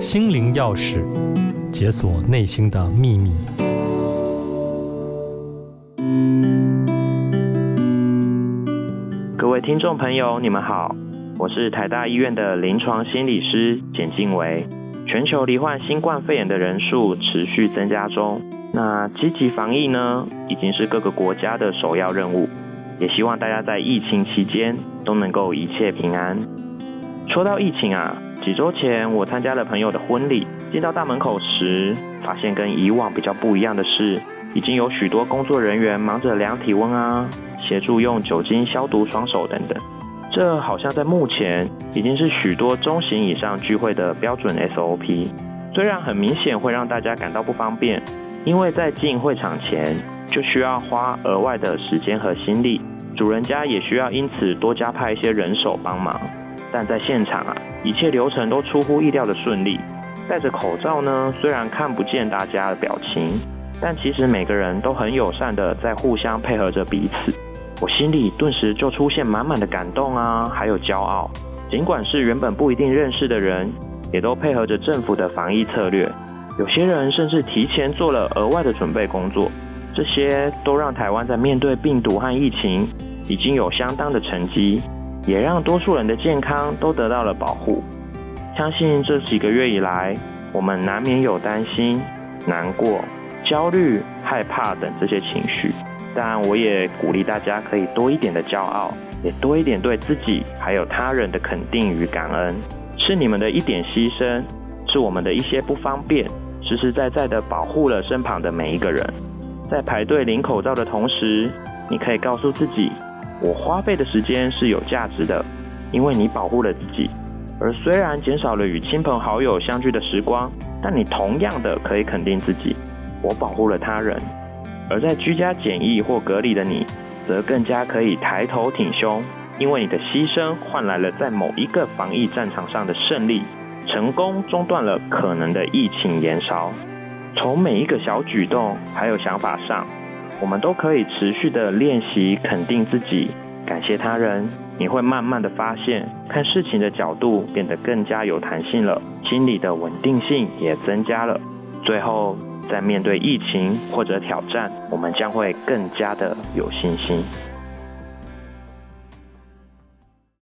心靈鑰匙，解鎖內心的秘密。各位聽眾朋友，你們好，我是台大醫院的臨床心理師簡靜薇。全球罹患新冠肺炎的人數持續增加中，那積極防疫呢，已經是各個國家的首要任務。也希望大家在疫情期間都能夠一切平安。說到疫情啊。幾周前，我參加了朋友的婚禮。進到大門口時，發現跟以往比較不一樣的是，已經有許多工作人員忙着量體溫啊，協助用酒精消毒雙手等等。這好像在目前已經是許多中型以上聚會的標準 SOP。雖然很明顯會讓大家感到不方便，因為在進會場前就需要花額外的時間和心力，主人家也需要因此多加派一些人手幫忙。但在現場啊，一切流程都出乎意料的順利。戴着口罩呢，雖然看不見大家的表情，但其實每個人都很友善的在互相配合着彼此。我心裡頓時就出現滿滿的感動啊，還有驕傲。盡管是原本不一定認識的人，也都配合着政府的防疫策略，有些人甚至提前做了額外的準備工作。這些都讓台灣在面對病毒和疫情已經有相當的成績。也讓多數人的健康都得到了保護。相信這幾個月以來，我們難免有擔心、難過、焦慮、害怕等這些情緒。但我也鼓勵大家可以多一點的驕傲，也多一點對自己還有他人的肯定與感恩。是你們的一點犧牲，是我們的一些不方便，實實在在地保護了身旁的每一個人。在排隊領口罩的同時，你可以告訴自己，我花費的時間是有價值的，因為你保護了自己；而雖然減少了與親朋好友相聚的時光，但你同樣的可以肯定自己，我保護了他人；而在居家檢疫或隔離的你，則更加可以抬頭挺胸，因為你的犧牲換來了在某一個防疫戰場上的勝利，成功中斷了可能的疫情延燒。從每一個小舉動還有想法上。我們都可以持續的練習肯定自己，感謝他人，你會慢慢的發現，看事情的角度變得更加有彈性了，心理的穩定性也增加了。最後，在面對疫情或者挑戰，我們將會更加的有信心。